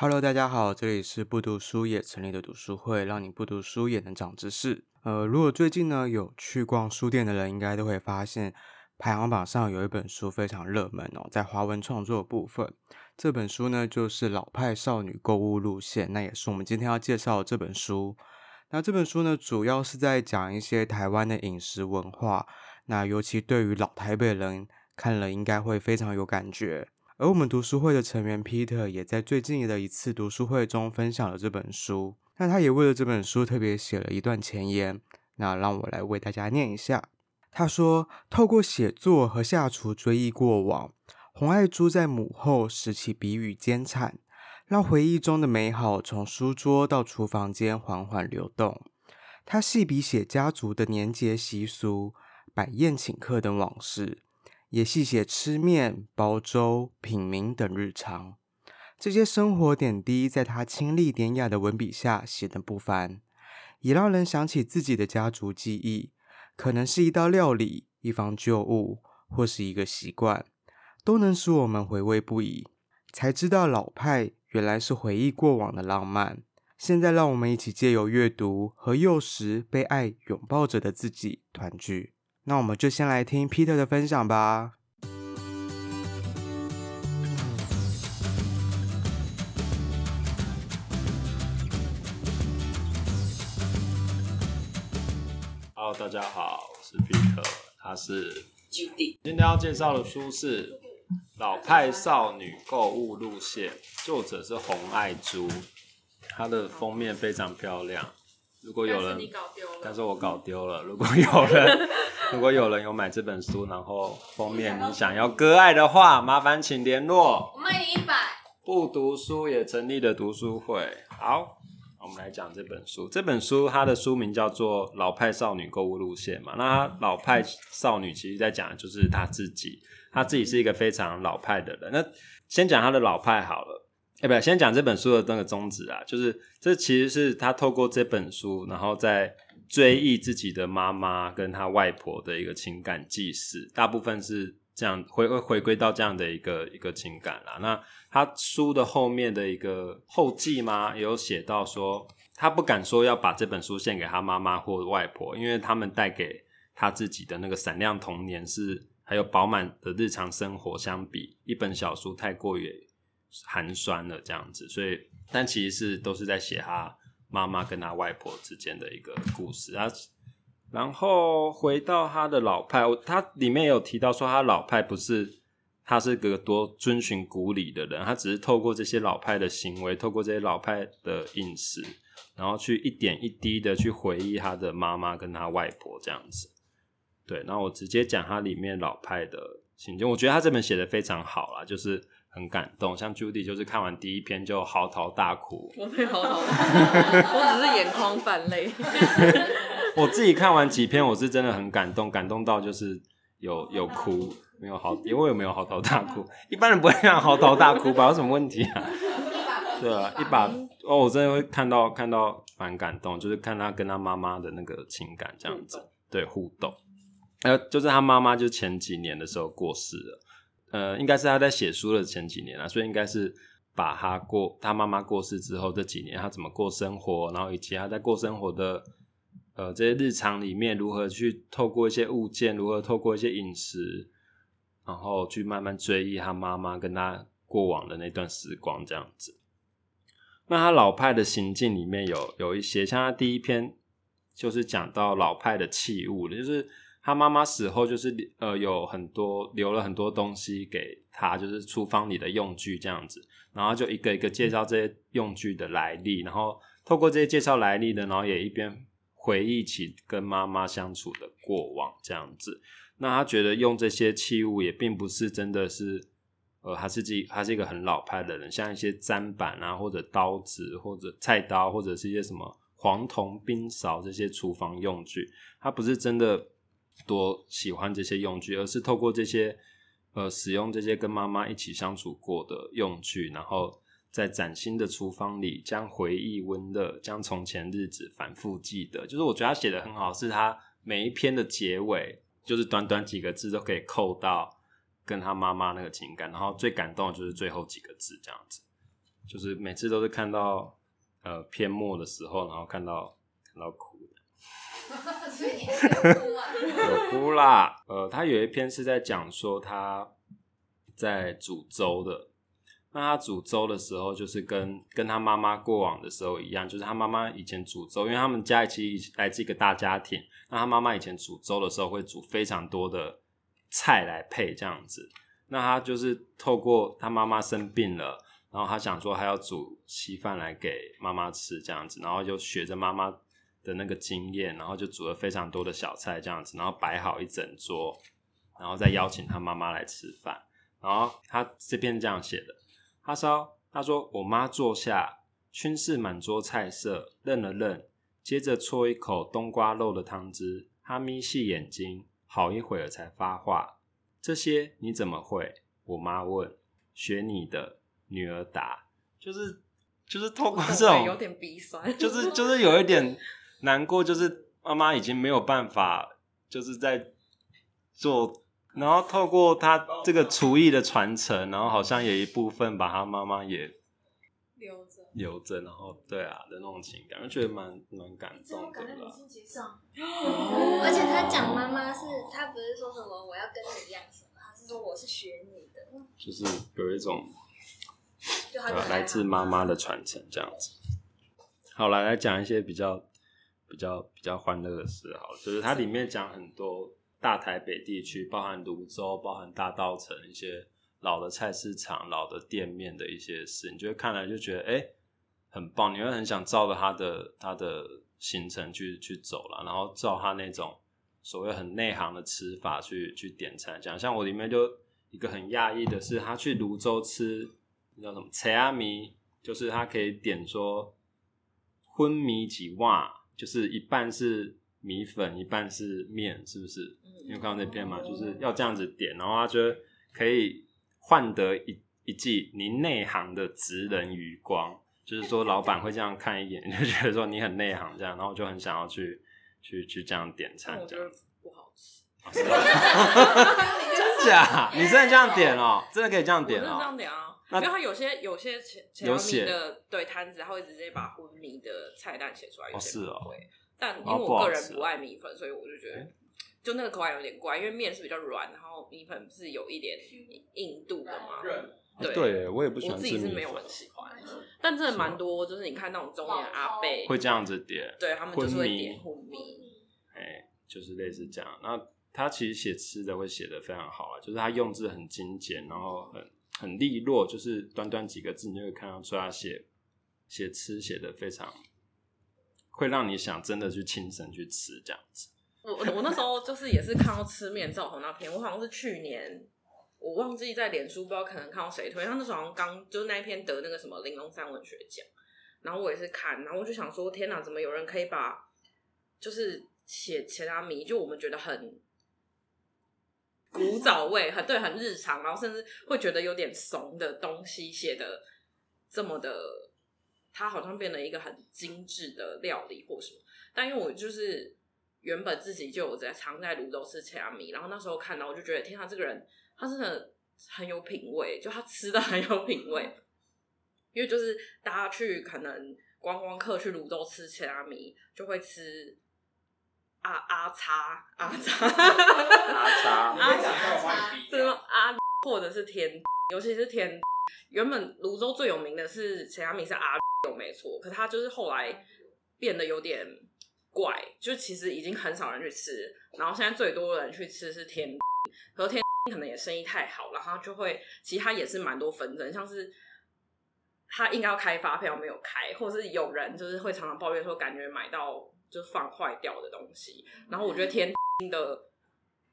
Hello，大家好，這裡是不讀書也成立的讀書會，讓你不讀書也能長知識。呃，如果最近呢有去逛書店的人，應該都會發現排行榜上有一本書非常熱門哦，在華文創作部分，這本書呢就是《老派少女購物路線》，那也是我們今天要介紹的這本書。那這本書呢主要是在講一些台灣的飲食文化，那尤其對於老台北人看了應該會非常有感覺。而我們讀書會的成員 Peter 也在最近的一次讀書會中分享了這本書，那他也為了這本書特別寫了一段前言，那讓我來為大家念一下。他說：“透過寫作和下廚追憶過往，洪愛珠在母後拾起筆與煎鏟，讓回憶中的美好從書桌到廚房間緩緩流動。他細筆寫家族的年節習俗、擺宴請客等往事。”也細寫吃麵、煲粥、品茗等日常，這些生活點滴，在她清麗典雅的文筆下顯得不凡，也讓人想起自己的家族記憶，可能是一道料理、一方舊物，或是一個習慣，都能使我們回味不已。才知道老派原來是回憶過往的浪漫。現在，讓我們一起借由閱讀和幼時被愛擁抱着的自己團聚。那我們就先來聽 Peter 的分享吧。Hello，大家好，我是 Peter，他是 G D。今天要介紹的書是《老派少女購物路線》，作者是洪愛珠，它的封面非常漂亮。如果有人，但是你搞丟了，但是我搞丟了。如果有人， 如果有人有買這本書，然後封面你想要割愛的話，麻煩請聯絡。我賣你一百。不讀書也成立的讀書會。好，我們來講這本書。這本書它的書名叫做《老派少女購物路線》嘛。那它老派少女其實在講的就是她自己，她自己是一個非常老派的人。那先講她的老派好了。要不，先講這本書的那個宗旨啊，就是這其實是他透過這本書，然後在追憶自己的媽媽跟他外婆的一個情感記事，大部分是這樣回回回歸到這樣的一個一個情感了。那他書的後面的一個後記嘛，也有寫到說，他不敢說要把這本書獻給他媽媽或外婆，因為他們帶給他自己的那個閃亮童年是，是還有飽滿的日常生活相比，一本小書太過於。寒酸了這樣子，所以但其實是都是在寫他媽媽跟他外婆之間的一個故事啊。然後回到他的老派，他裡面有提到說，他老派不是他是個多遵循古禮的人，他只是透過這些老派的行為，透過這些老派的飲食，然後去一點一滴的去回憶他的媽媽跟他外婆這樣子。對，那我直接講他裡面老派的情節，我覺得他這本寫得非常好啦，就是。很感動，像 Judy 就是看完第一篇就嚎啕大哭。我沒嚎啕大哭，我只是眼眶泛淚。我自己看完幾篇，我是真的很感動，感動到就是有有哭，沒有嚎，我也我沒有嚎啕大哭。一般人不會這樣嚎啕大哭吧？有什麼問題啊？對啊，一把哦，我真的會看到看到蠻感動，就是看他跟他媽媽的那個情感這樣子，對互動，還、呃、有就是他媽媽就前幾年的時候過世了。呃，應該是他在寫書的前幾年啊，所以應該是把他過他媽媽過世之後這幾年他怎麼過生活，然後以及他在過生活的呃這些日常裡面，如何去透過一些物件，如何透過一些飲食，然後去慢慢追憶他媽媽跟他過往的那段時光這樣子。那他老派的行徑裡面有有一些，像他第一篇就是講到老派的器物，就是。他媽媽死後，就是呃有很多留了很多東西給他，就是廚房裡的用具這樣子。然後就一個一個介紹這些用具的來歷，然後透過這些介紹來歷呢，然後也一邊回憶起跟媽媽相處的過往這樣子。那他覺得用這些器物也並不是真的是，呃，他是這他是一個很老派的人，像一些砧板啊，或者刀子，或者菜刀，或者是一些什麼黃銅冰勺這些廚房用具，他不是真的。多喜歡這些用具，而是透過這些，呃，使用這些跟媽媽一起相處過的用具，然後在嶄新的廚房裡，將回憶、溫熱，將從前日子反復記得。就是我覺得他寫得很好，是他每一篇的結尾，就是短短幾個字都可以扣到跟他媽媽那個情感。然後最感動的就是最後幾個字這樣子，就是每次都是看到呃篇末的時候，然後看到看到哭的。 有啦，呃，他有一篇是在講說他在煮粥的。那他煮粥的時候，就是跟跟他媽媽過往的時候一樣，就是他媽媽以前煮粥，因為他們家一起來自一個大家庭。那他媽媽以前煮粥的時候，會煮非常多的菜來配這樣子。那他就是透過他媽媽生病了，然後他想說他要煮稀飯來給媽媽吃這樣子，然後就學着媽媽的那個經驗，然後就煮了非常多的小菜這樣子，然後擺好一整桌，然後再邀請他媽媽來吃飯。然後他這邊這樣寫的，阿說他說：“我媽坐下，巡視滿桌菜色，愣了愣，接着搓一口冬瓜肉的湯汁，他眯細眼睛，好一會兒才發話：這些你怎麼會？我媽問，學你的女兒答，就是就是透過這種有點鼻酸，就是就是有一點。 ”難過就是媽媽已經沒有辦法，就是在做，然後透過她這個廚藝的傳承，然後好像有一部分把她媽媽也留着，留着，然後對啊的那種情感，我覺得蠻蠻感動的感覺、哦。而且他講媽媽是，他不是說什麼我要跟你一樣什麼，他是說我是學你的，就是有一種對、啊、來自媽媽的傳承這樣子。好了，來講一些比較。比較比較歡樂的事好，就是它裡面講很多大台北地區，包含蘆洲，包含大稻埕一些老的菜市場、老的店面的一些事，你就會看來就覺得誒、欸、很棒，你會很想照着他的他的行程去去走了，然後照他那種所謂很內行的吃法去去點餐。講像我裡面就一個很訝異的是，他去蘆洲吃那叫什麼切仔麵，就是他可以點說昏迷幾碗。就是一半是米粉，一半是麵，是不是？因、嗯、為看到那篇嘛、嗯，就是要這樣子點，然後他覺得可以換得一一記你內行的職人餘光、嗯，就是說老闆會這樣看一眼，嗯、你就覺得說你很內行，這樣，然後就很想要去去去這樣點餐、嗯這樣。我覺得不好吃。哦、 真假？ 你真的這樣點哦、喔？ 真的可以這樣點哦、喔？因後有，有些有些前前面的對攤子，他會直接把昏迷的菜單寫出來，哦、有些會、哦。但因為我個人不愛米粉，所以我就覺得就那個口感有點怪，因為面是比較軟，然後米粉不是有一點硬度的嘛。對，對、對、對我也不喜歡。我自己是沒有很喜歡，但真的蠻多，就是你看那種中年阿伯會這樣子點，對，對他們就是會點昏迷昏迷，哎，就是類似這樣。那他其實寫吃的會寫得非常好啊，就是他用字很精簡，然後很。很利落，就是短短幾個字，你就會看到，說他寫寫吃寫的非常，會讓你想真的去親身去吃這樣子。我我那時候就是也是看到吃麵照頭那篇，我好像是去年，我忘記在臉書，不知道可能看到誰推，他那時候好像剛就是那一篇得那個什麼林榮三文學獎，然後我也是看，然後我就想說，天哪、啊，怎麼有人可以把就是寫切仔麵，就我們覺得很。古早味很對，很日常，然後甚至會覺得有點慫的東西寫的這麼的，他好像變了一個很精緻的料理或什麼。但因為我就是原本自己就有在常在蘆洲吃切仔麵，然後那時候看到我就覺得，天啊，這個人他真的很有品味，就他吃的很有品味。因為就是大家去可能觀光客去蘆洲吃切仔麵，就會吃。阿阿叉阿叉，阿叉，啊叉，什麼啊叉，或者是添丁，尤其是添丁，原本蘆洲最有名的是陳家名是阿，有沒錯。可他就是後來變得有點怪，就其實已經很少人去吃。然後現在最多人去吃是添丁，可添丁可能也生意太好了，然後就會其實他也是蠻多紛爭，像是他應該要開發票沒有開，或者是有人就是會常常抱怨說感覺買到。就放壞掉的東西，然後我覺得添天天的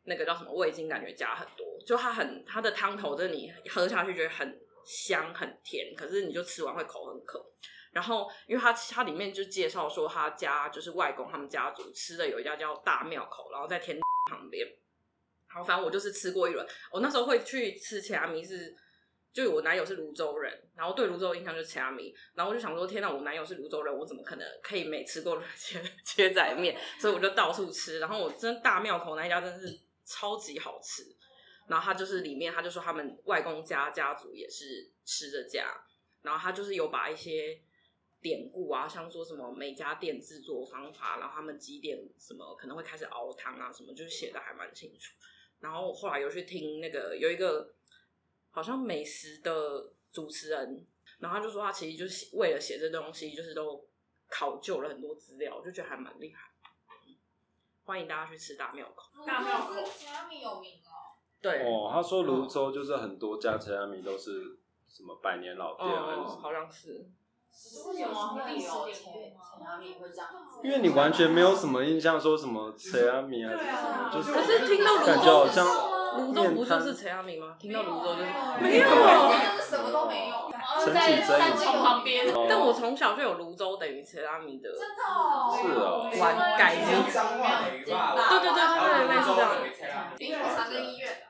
那個叫什麼味精，感覺加很多。就它很，它的湯頭，這你喝下去覺得很香很甜，可是你就吃完會口很渴。然後因為它，它裡面就介紹說它，他家就是外公他們家族吃的有一家叫大廟口，然後在天天旁邊。好，反正我就是吃過一輪。我那時候會去吃其他名是。就我男友是蘆洲人，然後對蘆洲的印象就是切仔麵，然後我就想說，天吶，我男友是蘆洲人，我怎麼可能可以沒吃過切切仔麵？所以我就到處吃，然後我真的大廟口的那一家真的是超級好吃。然後他就是裡面，他就說他們外公家家族也是吃這家，然後他就是有把一些典故啊，像說什麼每家店制作方法，然後他們幾點什麼可能會開始熬湯啊什麼，就是寫的還蠻清楚。然後我後來有去聽那個有一個。好像美食的主持人，然後他就說他其實就是為了寫這東西，就是都考究了很多資料，就覺得還蠻厲害。歡迎大家去吃大廟口。大廟口，切仔麵有名哦。對。哦，他說蘆洲就是很多家切仔麵都是什麼百年老店，嗯嗯嗯，好像是。有因為你完全沒有什麼印象，說什麼陳、嗯、阿米啊，就是。可是聽到蘆洲，瀘、就是、州不就是陳阿米嗎？聽到蘆洲就是。沒有、啊沒有啊、是什麼都沒有。陳景旁邊、哦。但我從小就有蘆洲等於陳阿米的。真的、哦。是哦、啊。完名。對對對對對，就、啊啊啊、是這樣。因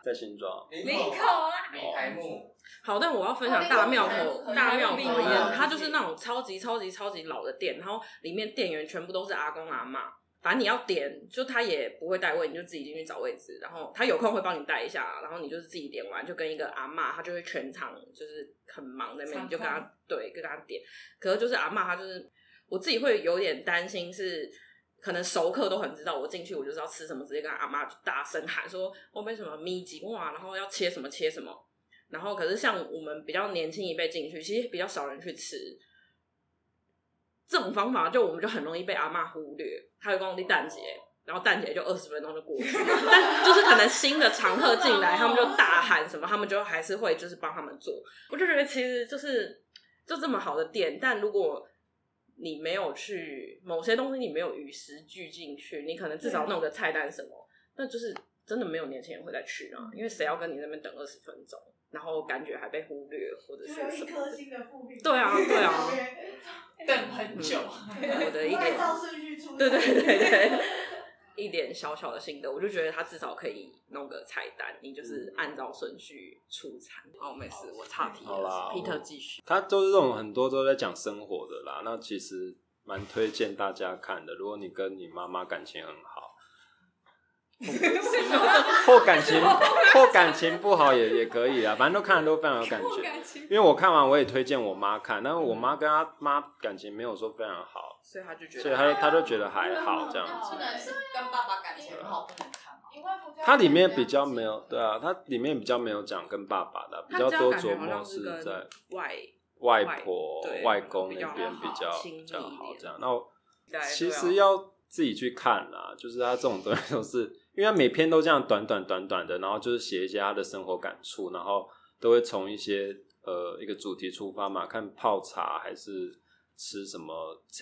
在新莊，啊哦、沒開幕。好，但我要分享、哦、大廟口大廟口、啊， 它就是那種超級、超級超級超級老的店，然後裡面店員全部都是阿公阿嬤，反正你要點，就他也不會帶位，你就自己進去找位置，然後他有空會幫你帶一下，然後你就是自己點完，就跟一個阿嬤，他就會全場就是很忙在那邊，你就跟他對，跟他點。可能就是阿嬤，她就是我自己會有點擔心是。可能熟客都很知道，我進去我就知道吃什麼，直接跟阿媽大聲喊說：“我、哦、要什麼米吉哇！”然後要切什麼切什麼。然後可是像我們比較年輕一輩進去，其實比較少人去吃。這種方法就我們就很容易被阿媽忽略。她會說你蛋姐，然後蛋姐就二十分鐘就過去。 但就是可能新的常客進來，他們就大喊什麼，他們就還是會就是幫他們做。我就覺得其實就是就這麼好的店，但如果。你沒有去某些東西，你沒有與時俱進去，你可能至少弄個菜單什麼，那就是真的沒有年輕人會再去啊，因為誰要跟你在那邊等二十分鐘，然後感覺還被忽略或者是什麼？對啊對啊，等 很久、嗯，我的一個，按照順序出。 對對對對。 一點小小的心得，我就覺得他至少可以弄個菜單，你就是按照順序出餐。哦、嗯，oh, 沒事，好我岔題了好啦，Peter 繼續。他就是這種很多都在講生活的啦，那其實蠻推薦大家看的。如果你跟你媽媽感情很好。或 感情，或感情不好也也可以啊，反正都看了都非常有感覺。因為我看完我也推薦我媽看，但是我媽跟她媽感情沒有說非常好，所以她就覺得，所以她就覺得還好這樣子。真的是跟爸爸感情很好不能看。她裡面比較沒有對啊，她裡面比較沒有講跟爸爸的，比較多琢磨是在外外婆、外公那邊比較比較好這樣。那其實要自己去看啦，啊，就是他這種東西都是。因為他每篇都這樣短短短短的，然後就是寫一些他的生活感觸，然後都會從一些呃一個主題出發嘛，看泡茶還是吃什麼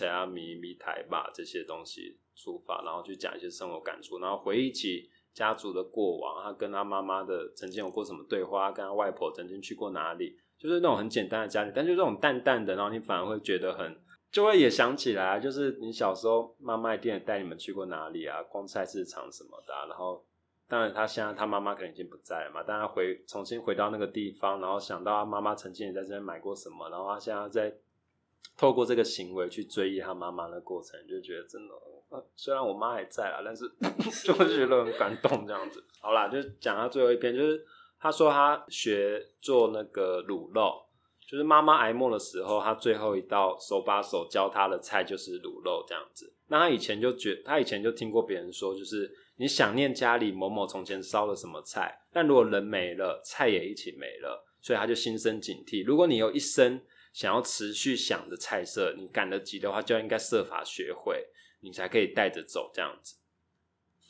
啊米米台吧這些東西出發，然後去講一些生活感觸，然後回憶起家族的過往，他跟他媽媽的曾經有過什麼對話，他跟他外婆曾經去過哪裡，就是那種很簡單的家裡，但就這種淡淡的，然後你反而會覺得很。就會也想起來、啊，就是你小時候媽媽一定帶你們去過哪裡啊，逛菜市場什麼的、啊。然後，當然他現在他媽媽可能已經不在了嘛，但他回重新回到那個地方，然後想到他媽媽曾經也在這邊買過什麼，然後他現在在透過這個行為去追憶他媽媽的過程，就覺得真的，呃、雖然我媽還在啊，但是 就會覺得很感動這樣子。好啦，就講到最後一篇，就是他說他學做那個滷肉。就是媽媽癌末的時候，他最後一道手把手教他的菜就是滷肉這樣子。那他以前就覺得，他以前就聽過別人說，就是你想念家裡某某從前燒了什麼菜，但如果人沒了，菜也一起沒了，所以他就心生警惕。如果你有一生想要持續想着菜色，你趕得及的話，就應該設法學會，你才可以帶着走這樣子。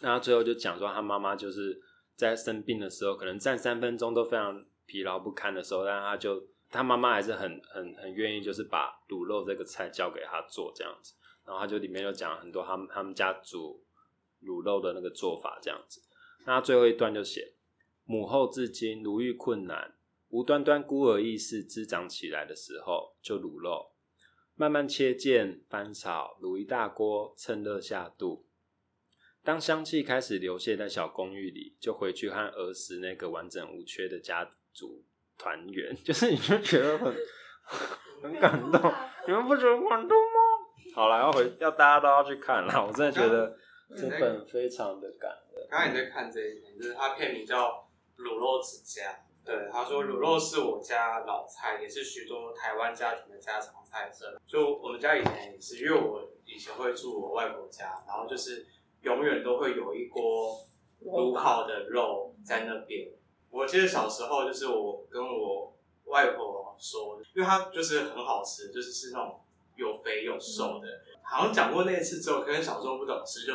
那他最後就講說，他媽媽就是在生病的時候，可能站三分鐘都非常疲勞不堪的時候，但他就。他媽媽還是很、很、很願意，就是把滷肉這個菜交給他做這樣子。然後他就裡面有講很多他們他們家煮滷肉的那個做法這樣子。那最後一段就寫：母後至今如遇困難，無端端孤兒意識滋長起來的時候，就滷肉，慢慢切件翻炒滷一大鍋，趁熱下肚。當香氣開始流瀉在小公寓裡，就回去和兒時那個完整無缺的家族團圓，就是你就覺得很 很感動， 你們不覺得感動嗎？好了，要回要大家都要去看了，我真的覺得這本非常的感人。剛才你在看這一點，就是他片名叫滷肉之家。對，他說滷肉是我家老菜，也是許多台灣家庭的家常菜色。就我們家以前也是，因為我以前會住我外婆家，然後就是永遠都會有一鍋滷好的肉在那邊。我記得小時候就是我跟我外婆說的，因為她就是很好吃，就是吃那種有肥有瘦的。嗯、好像講過那一次之後，可能小時候不懂事，就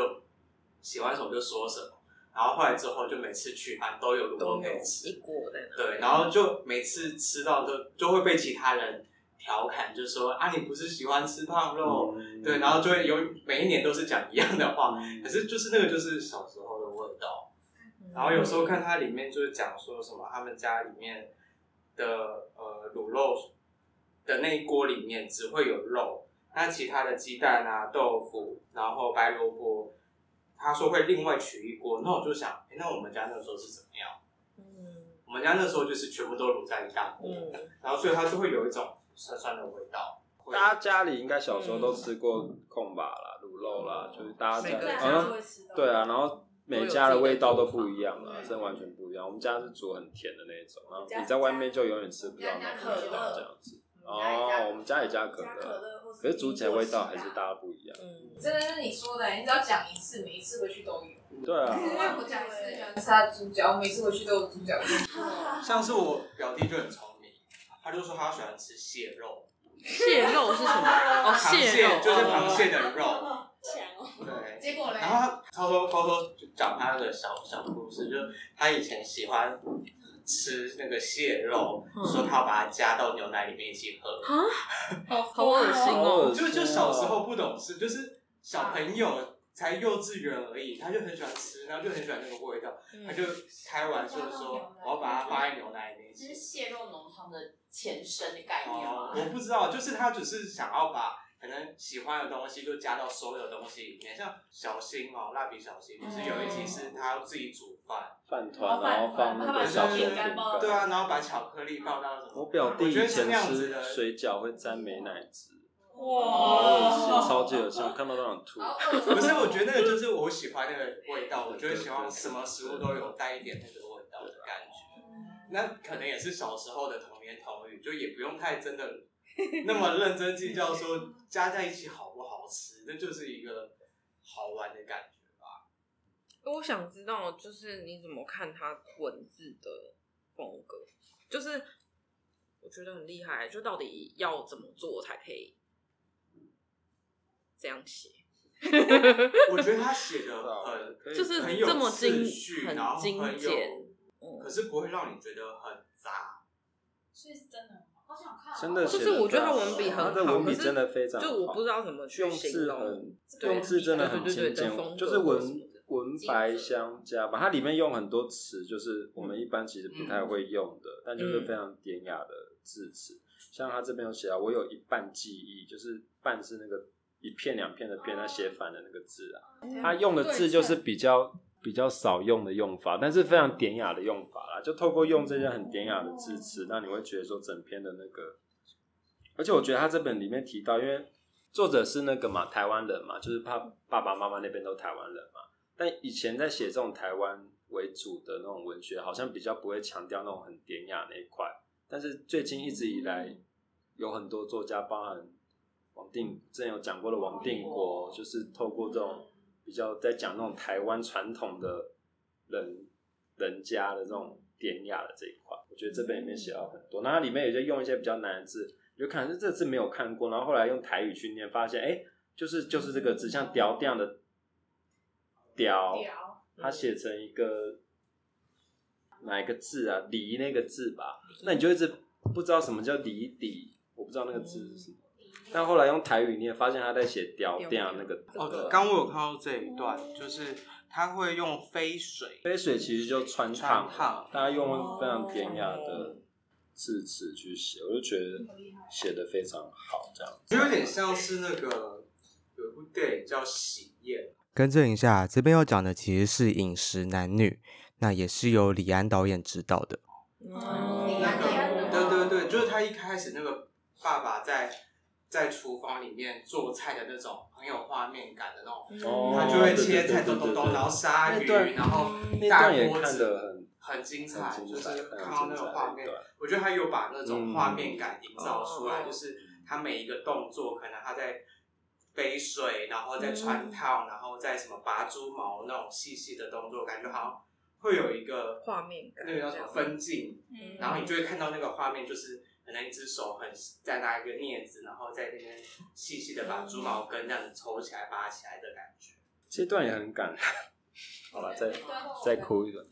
喜歡什麼就說什麼。然後後來之後就每次去餐、啊、都有都，吃，都沒吃過的。對，然後就每次吃到都就會被其他人調侃，就說啊你不是喜歡吃胖肉、嗯？對，然後就會有每一年都是講一樣的話、嗯，可是就是那個就是小時候。然後有時候看它裡面就是講說什麼他們家裡面的呃滷肉的那一鍋裡面只會有肉，那其他的雞蛋啊、豆腐，然後白蘿蔔，他說會另外取一鍋，那、嗯、我就想，哎，那我們家那時候是怎麼樣？嗯，我們家那時候就是全部都滷在一大鍋，嗯、然後所以它就會有一種酸酸的味道。大家家裡應該小時候都吃過控吧啦、嗯、滷肉啦，就是大家這、啊、對啊，然後。每家的味道都不一樣啊，真的完全不一樣。我們家是煮很甜的那種，啊、你在外面就永遠吃不到那種味道，加加這樣子加加。哦，我們家也加可樂，可是煮起來味道還是大不一樣、嗯嗯。真的是你說的、欸，你只要講一次，每一次回去都有。對啊，是因為我家很喜歡吃豬腳，我每次回去都有豬腳。上次，像是我表弟就很聰明，他就說他喜歡吃蟹肉，蟹肉是什麼？ 哦，蟹，蟹肉就是螃蟹的肉。哦 強哦對，結果呢？然後他偷偷偷偷講他的小小故事，就是他以前喜歡吃那個蟹肉，嗯、說他要把它加到牛奶裡面一起喝。啊 好、哦、好噁心哦！就就小時候不懂事，就是小朋友才幼稚園而已，啊、他就很喜歡吃，然後就很喜歡那個味道，嗯、他就開玩笑說我要把它放在牛奶裡面一起。其實蟹肉濃湯的前身的概念我不知道，就是他只是想要把。可能喜歡的東西就加到所有的東西裡面，像小新哦、喔，蠟筆小新就、嗯、是有一集是他要自己煮飯，飯糰，然後放那個小心、啊就是嗯、對啊、嗯，然後把巧克力放到什麼？我表弟以、啊、前的是水餃會沾美乃滋，哇，喔、哇超級好我看到都想吐。啊、 不是，我覺得那個就是我喜歡那個味道， 我覺得喜歡什麼食物都有帶一點那個味道的感覺、啊，那可能也是小時候的童言童語，就也不用太真的。 那麼認真計較說加在一起好不好吃，那就是一個好玩的感覺吧。我想知道，就是你怎麼看他文字的風格？就是我覺得很厲害，就到底要怎麼做才可以這樣寫？ 我覺得他寫的很 就是這麼精，很，很精簡很、嗯，可是不會讓你覺得很雜。所以是真的。真的、哦就是，我覺得他文筆很好，他的文筆真的非常好，是就我不知道怎麼去形容。用字真的很精，對，對，對，對就是文文白相加吧，嗯，它裡面用很多詞，就是我們一般其實不太會用的，嗯，但就是非常典雅的字詞，嗯。像他這邊有寫啊，我有一半記憶，就是半是那個一片兩片的片，它寫反的那個字啊，他，嗯、用的字就是比較。比較少用的用法，但是非常典雅的用法啦。就透過用這些很典雅的字詞，那、嗯、你會覺得說整篇的那個，而且我覺得他這本裡面提到，因為作者是那個嘛，台灣人嘛，就是怕爸爸媽媽那邊都台灣人嘛。但以前在寫這種台灣為主的那種文學，好像比較不會強調那種很典雅那一塊。但是最近一直以來，有很多作家，包含王定，之前有講過的王定國、哦，就是透過這種。比較在講那種台灣傳統的人人家的這種典雅的這一塊，我覺得這邊裡面寫了很多，那它裡面有些用一些比較難的字，就看這這字沒有看過，然後後來用台語去念，發現哎、欸，就是就是這個字像雕這樣的雕，它寫成一個哪一個字啊？離那個字吧？那你就一直不知道什麼叫離底，我不知道那個字是什麼。但後來用台語你也發現他在寫雕甸雅那個，這個。哦，剛我有看到這一段、嗯，就是他會用飛水，飛水其實就穿插，他用非常典雅的字詞去寫、哦，我就覺得寫得非常好，這樣。就、嗯、有點像是那個有一部電影叫《喜宴》，更正一下，這邊要講的其實是《飲食男女》，那也是由李安導演指導的。嗯、那個、李安、啊，對對對，就是他一開始那個爸爸在。在廚房裡面做菜的那種很有畫面感的那種，oh, 他就會切菜咚咚咚，然後殺魚，然後大鍋子很精彩，很精彩，就是看到那個畫面，我覺得他有把那種畫面感營造出來、嗯，就是他每一個動作，可能他在背水，嗯、然後在川燙、嗯，然後在什麼拔豬毛那種細細的動作，感覺好像會有一個畫面，那個叫什麼分鏡，然後你就會看到那個畫面，就是。可能一隻手很在拿一個鑷子，然後在那邊細細的把豬毛根這樣子抽起來、拔起來的感覺。這段也很感人，好吧，再再哭一個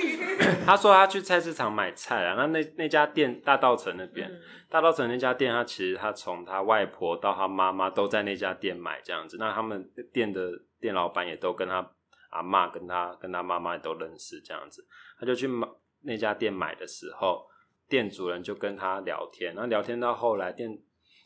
他說他去菜市場買菜啊，那那那家店大稻埕那邊，大稻埕那家店，嗯、家店他其實他從他外婆到他媽媽都在那家店買這樣子。那他們店的店老闆也都跟他阿嬤、跟他跟他媽媽都認識這樣子。他就去買那家店買的時候。店主人就跟他聊天，然後聊天到後來，店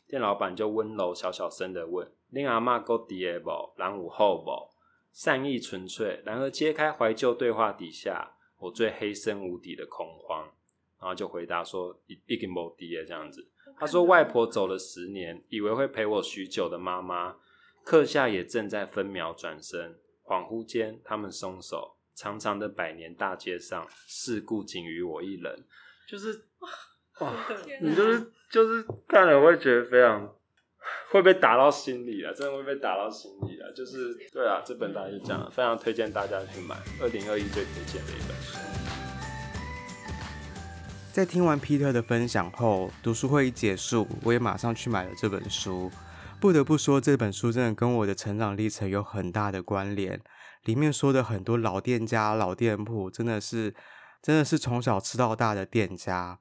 店老板就溫柔小小聲地問：“令 阿媽夠敵耶不？難吾後不？善意純粹。然而揭開懷舊對話底下，我最黑深無底的恐慌。”然後就回答說：“一一點不敵耶這樣子。Okay, ”他說：“外婆走了十年，以為會陪我許久的媽媽，課下也正在分秒轉身。恍惚間，他們鬆手，長長的百年大街上，事故僅餘我一人。”就是哇，你就是就是看了會覺得非常會被打到心裡了、啊，真的會被打到心裡了、啊。就是，對啊，這本當然是這樣，非常推薦大家去買。二零二一最推薦的一本書。在聽完 Peter 的分享後，讀書會一結束，我也馬上去買了這本書。不得不說，這本書真的跟我的成長歷程有很大的關聯。裡面說的很多老店家、老店鋪，真的是。真的是從小吃到大的店家，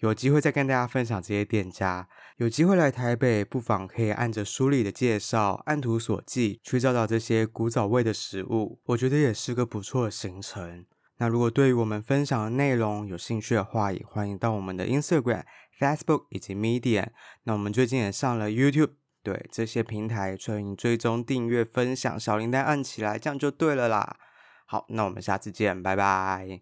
有機會再跟大家分享這些店家。有機會來台北，不妨可以按着書裡的介紹，按圖索驥去找找這些古早味的食物，我覺得也是個不錯的行程。那如果對於我們分享的內容有興趣的話，也歡迎到我們的 Instagram、Facebook 以及 Medium。那我們最近也上了 YouTube，對這些平台歡迎追蹤、訂閱、分享、小鈴鐺按起來，這樣就對了啦。好，那我們下次見，拜拜。